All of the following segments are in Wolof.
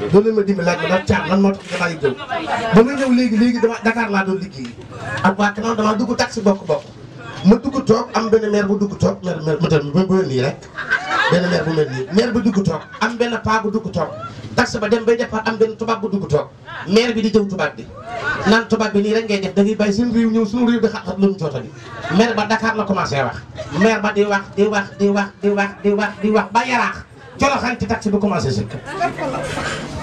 doon leen ma dimbi laaj ma daal caat lan moo tax nga bàyyi jóg ba may ñëw léegi léegi dama Dakar laa doon liggéey ak waa Kanam dama merbu, taxi bokk merbu ma merbu toog am benn maire bu dugg toog maire maire motel bi ba nii rek merbu maire bu mel nii maire bu dugg toog am benn paa bu dugg toog taxi ba dem bay départ am benn tubaab bu dugg toog maire bi di jëw tubaab bi naan tubaab bi nii rek ngay def da ngay bàyyi seen réew ñëw suñu réew di xat lu mu joota ba Dakar la commencé wax maire ba di wax di wax di wax di wax di wax di wax ba yaraax colo xarit taxi bi commencé sëkk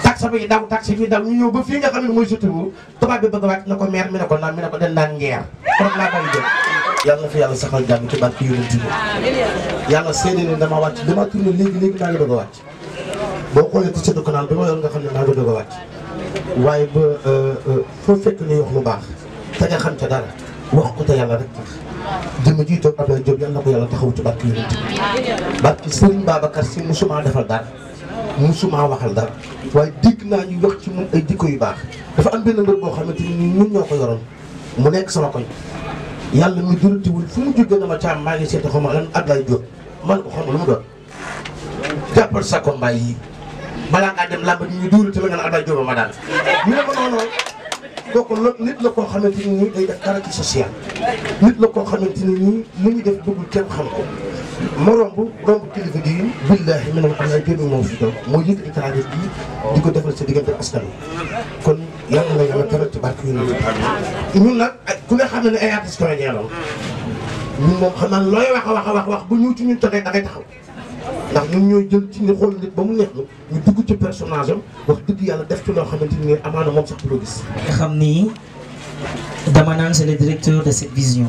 taxi bi daw taxi bi daw ñu ñëw ba fii nga xam ne mooy surtout tubaab bi bëgg a wàcc na ko meer mi ne ko naan mi ngeer kon yàlla na fi yàlla saxal jàmm ci barke yonent bi yàlla seede ne dama wàcc dama tourné boo xoolee ci sedd canal bi ma yor nga xam ne maa ngi doog wàcc waaye ba euh, euh, foo fekk ni wax lu baax te nga xam ca daal wax ko te yàlla rek tax jëmm jiitoog Abdoulaye Diop yàlla na ko yàlla taxaw ci barke yonent bi barke Serigne Babacar si musuma defal dara musuma waxal dara waaye dégg naa ñu wax ci moom ay jikko yu baax dafa am benn mbir koo xamante ni ñun ñoo ko yoroon mu nekk sama koñ yàlla mi duratiwul fu mu jógee na ma caam maa ngi seeti xaw ma lan Ablaye Diop man ko xaw ma lu mu sa combat yi balaa ngaa dem làmb ñu durati la nga ne Ablaye Diop ma daal ñu ne ko noonu kooku nit la koo xamante ni nii day def dara social nit la koo xamante ni nii ñu def bëggul kenn xam ko ma romb romb kilifa gi billaahi mi naa jënd moo fi doon moo yëkkati taxaare bi di ko defal sa diggante askan kon yàlla na yàlla teral ci barke nag ñun nag ku ne xam ne ne ay artistes comédien la ñun moom xam naa looy wax a wax a wax wax bu ñëw ci ñun taxee da taxaw ndax ñu ñooy jël ci ñu xool nit ba mu neex ñu dugg ci personnage am wax dëgg yàlla def ci loo xamante ni amaana moom sax du la gis. nga xam ni dama naan c'est le directeur de cette vision.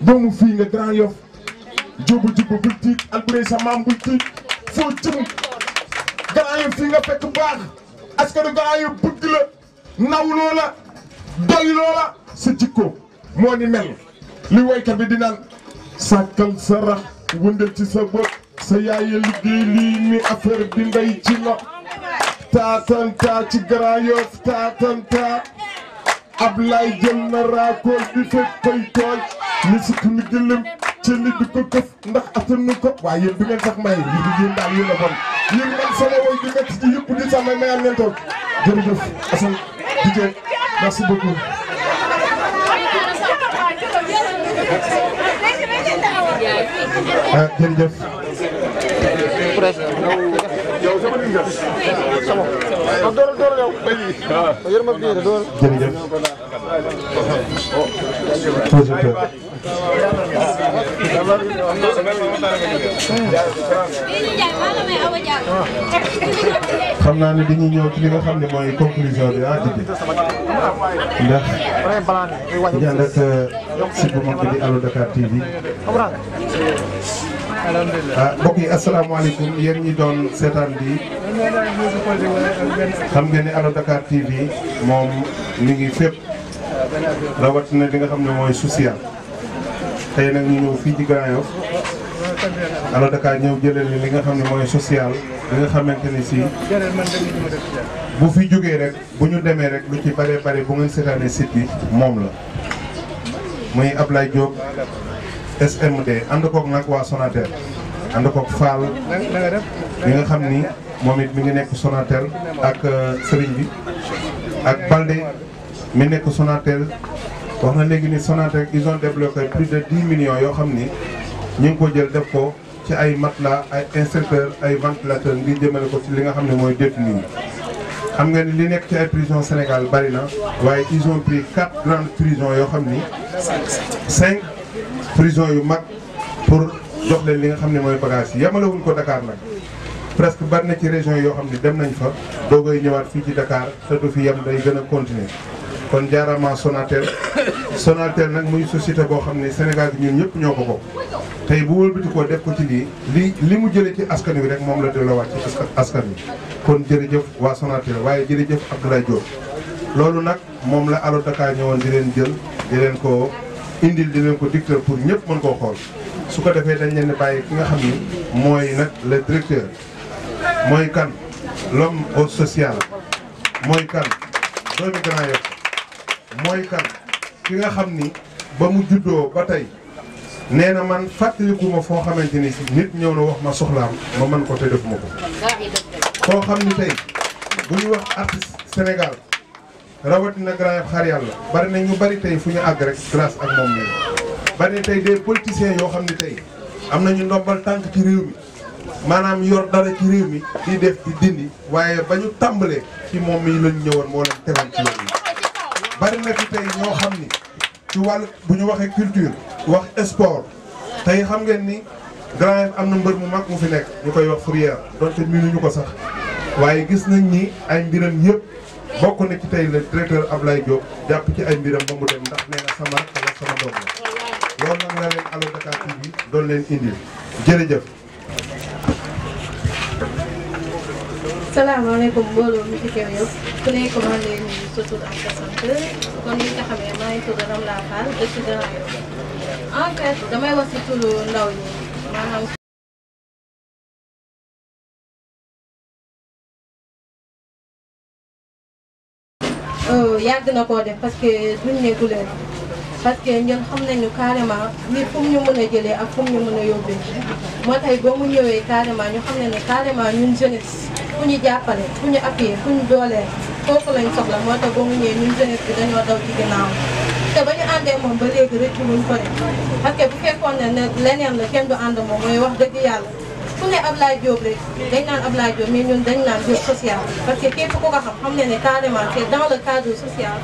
doomu fii nga Grand Yoff jóobu jubbu bul tiit maam bul tiit foo jëm fii nga fekk baax askanu Grand Yoff bëgg la naw loola jikko moo ni mel li woykat bi di naan sa rax wëndal ci sa bopp sa yaaye liggéey lii mi affaire bi ndey ci la taatantaa ci Grand Yoff Ablaye jël na raakool bi fekk koy tool ni sukk ni gëlëm ci ni di ko ndax attanu ko waaye yéen du ngeen sax may yi di yéen daal yéen a bon yéen man sama woy di métti ci yëpp di sax may mayaan leen toog jërëjëf Assane Didier merci beaucoup ah jërëjëf dóoral dóoral yow. yërëm ak ñi doon seetaan xam ngeen ni allo Dakar TV moom liggéey ngi fépp rawatina li nga xam ne mooy social tey nag ñu ñëw fii ci Grand Yoff allo Dakar ñëw jëlale li nga xam ne mooy social li nga xamante ni si bu fi jógee rek bu ñu demee rek lu ci bare bare bu ngeen seetaanee site bi moom la muy Ablaye Diop SMD ànd koog nag waa Sonatel ànd koog li nga xam ni. moom it mi ngi nekk Sonatel ak euh, serigne bi ak Balde mi nek Sonatel wax na léegi ni Sonatel ils ont débloqué plus de 10 millions yo xam ni ngi ko jël def ko ci ay matelas ay inserteurs ay ventilateurs ngir jëmale ko ci li nga xam moy mooy détenu xam nga li nek ci ay prison Sénégal bari na waye ils ont pris quatre grandes prisons yo xam 5 prisons yu mag pour jox leen li nga xam moy bagage yi ko Dakar nag presque bari na ci région yoo xam ne dem nañ fa doo koy ñëwaat fii ci dakaar te du fi yem day gën a continuer kon jaarama Sonatel Sonatel nag muy société boo xam ne Sénégal gi ñun ñëpp ñoo ko bokk tey bu wëlbati koo def ko ci lii li li mu jëlee ci askan wi rek moom la delloowaat ci askan bi kon jërëjëf waa Sonatel waaye jërëjëf Abdoulaye Diop loolu nag moom la Allo Dakar ñëwoon di leen jël di leen ko indil di leen ko dicteur pour ñëpp mën koo xool su ko defee dañ leen bàyyi ki nga xam ni mooy nag le directeur mooy kan l'homme au social mooy kan doomi Grand Yoff mooy kan ki nga xam ni ba mu juddoo ba tey nee na man fàttalikuma foo xamante ni si nit ñëw na wax ma soxlaam ma man ko te defuma ko koo xam ni tey bu ñu wax artiste Sénégal rawatina Grand Yoff xaar yàlla bari na ñu bari tey fu ñu àgg rek grâce ak moom lañ bari na tey des politiciens yoo xam ni tey am nañu ndombal tànk ci réew mi maanaam yor dara ci réew mi di def di dindi waaye ba ñu tàmbalee ci moom mi lañ ñëwoon moo leen teral ci yoon bari na fi tey ñoo xam ni ci wàll bu ñu waxee culture wax sport tey xam ngeen ni Grand am na mbër mu mag mu fi nekk ñu koy wax Fourière donte miinuñu ko sax waaye gis nañ ni ay mbiram yëpp bokk na ci tey le ab Ablaye Diop jàpp ci ay mbiram ba mu dem ndax nee sama wala sama doom la loolu nag la leen Allô Dakar TV doon leen indil jërëjëf salaamaaleykum mbooloo mi ci teew yëpp ku nekk nga xamee maa ngi tudd Ramla Fall dëkk Grand Yoff en fait damay wax si turu ndaw ñi maanaam euh, yàgg na parce que duñ ne guleen parce que ñun ñu mën a jëlee ak fu ñu mën a yóbbee moo tax ba mu ñëwee carrément ñu xam ne ne carrément ñun jeunesse ku ñu jàppale ku ñu appuyé ku ñu dooleel kooku lañ soxla moo tax ba mu ñëwee ñun jeunesse bi dañoo daw ci ginnaaw te ba ñu àndee moom ba léegi rëccu wuñ ko rek parce que bu fekkoon ne ne leneen la kenn du ànd moom mooy wax dëgg yàlla ku ne Ablaye Diop rek dañ naan Ablaye Diop mais ñun dañ naan Diop social parce que képp ku ko xam xam ne ne carrément c'est dans le cadre social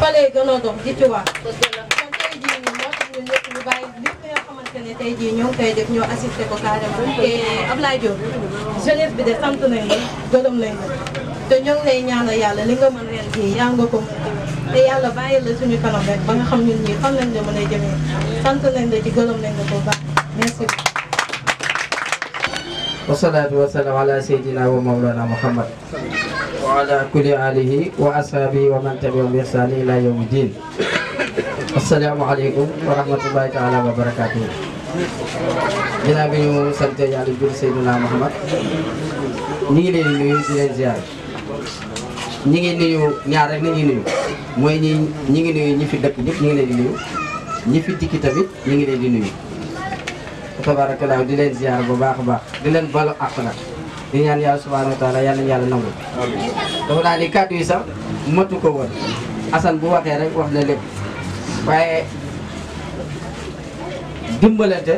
fa lay dox di ci wax ne jii ñoo ngi koy ñoo assisté ko carrément te Ablaye Diop jeunesse bi de sant nañ la gërëm nañ la te ñoo ngi lay yàlla li nga mën ren jii yaa nga ko te yàlla bàyyi la suñu kanam rek ba nga xam ñun ñii fan lañ la mën a jëmee sant nañ la ci gërëm nañ la ko baax merci wa salaatu wa salaam ala sayyidina wa mawlana muhammad wa ala kulli alihi wa ashabihi wa man tabi'ahum bi ihsani ila yawmi din asalaamaaleykum wa rahmatullahi taala wa barakaatu. ginnaaw ñu sant yàlla jur Seydina Muhammad ñu ngi leen di nuyu ñi ngi nuyu ñaar rek la ñuy nuyu mooy ñi ñu ngi ñi fi dëkk ñëpp ñi ngi leen di nuyu ñi fi dikki tamit ñi ngi leen di nuyu. tabarakallah di leen ziar bu baax a baax di leen balu àq nag di ñaan yàlla subhanahu wa taala yàlla yàlla nangu dafa naa ni yi sax matu ko woon Assane bu waxee rek wax na lépp. waaye dimbalante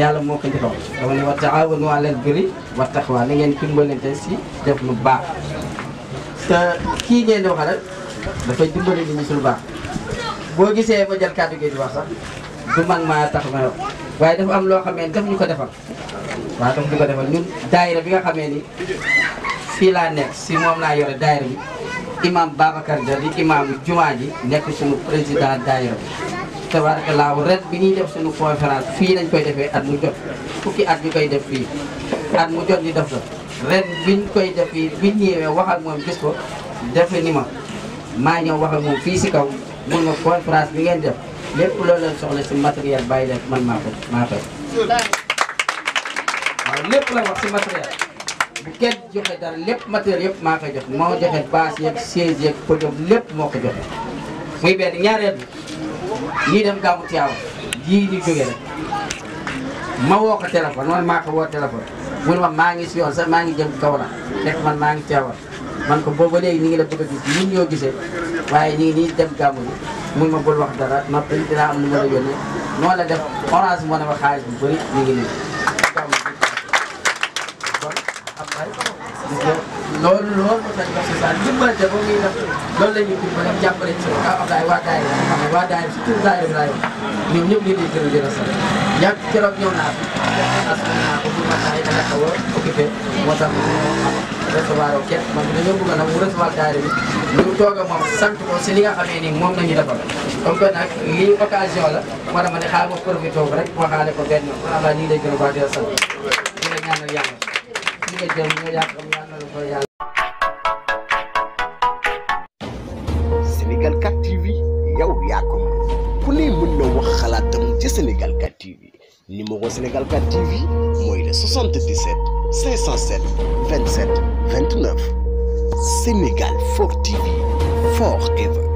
yàlla moo ko njëkkoon dama ne wa taawanu alal birri wa taqwa ngeen dimbalante si def lu baax te kii ngeen di wax rek dafay dimbale nit ñi si baax boo gisee ma jël kàddu gi wax sax du man maa tax ma wax waaye dafa am loo xamee daf ñu ko defal waa daf ñu ko defal ñun daayira bi nga xamee ni fii laa nekk si moom laa yore daayira bi imam Babacar Dia di imam jumaa ji nekk sunu président daayira bi tabarakallaahu ren bi ñuy def suñu conférence fii lañ koy defee at mu jot fukki at ñu koy def fii at mu jot ñu def la ren biñ koy def fii biñ ñëwee wax ak moom gis ko defe ni ma maa ñëw wax ak moom fii si kaw mun nga conférence bi ngeen def lépp loolu lañ soxla si matériel bàyyi def man maa ko maa koy lépp la wax si matériel bu kenn joxe dara lépp matériel yëpp maa koy joxe moo joxe bâche yeeg siège yeeg podium lépp moo ko joxe muy benn ñaareel bi ñii dem gamu Tiwaawan jii ñu jógee rek ma woo ko téléphone man maa ko woo téléphone mu ne ma maa ngi si yoon sax maa ngi jëm Kaolack fekk man maa ngi Tiwaawan man ko booba léegi ñu ngi la bëgg a gis ñun ñoo gisee waaye ñu ngi nii dem gàmmu bi mun ma bul wax dara noppi dinaa am numéro yónnee noonu la def orange moo ne ma xaalis bu bëri ñu ngi nii loolu loolu mën nañu wax si saa dimbalante ba muy def loolu la ñuy def ba dem jàppale ci kaw Ablaye waa Daara yi xam ne waa Daara yi surtout Daara yi laay wax ñoom ñëpp ñu ngi lay gërëm di la sant ñàkk keroog ñëw naa fi askan naa ko pour mën naa yi dana xaw a occupé moo tax recevoir wu kenn man dañoo bëgg nag mu recevoir Daara bi ñu toog a moom sant ko si li nga xamee ni moom la ñu defal comme que nag lii occasion la moo tax ma ne xaaral ma profité rek waxaale ko benn man Ablaye ñu ngi lay gërëm di la sant di la ñaanal yàlla. que Sénégal 4 TV yow yaa ko ku ne mën wax ci Sénégal 4 TV numéro Sénégal 4 TV mooy 77 507 27 29 Sénégal 4 TV forever.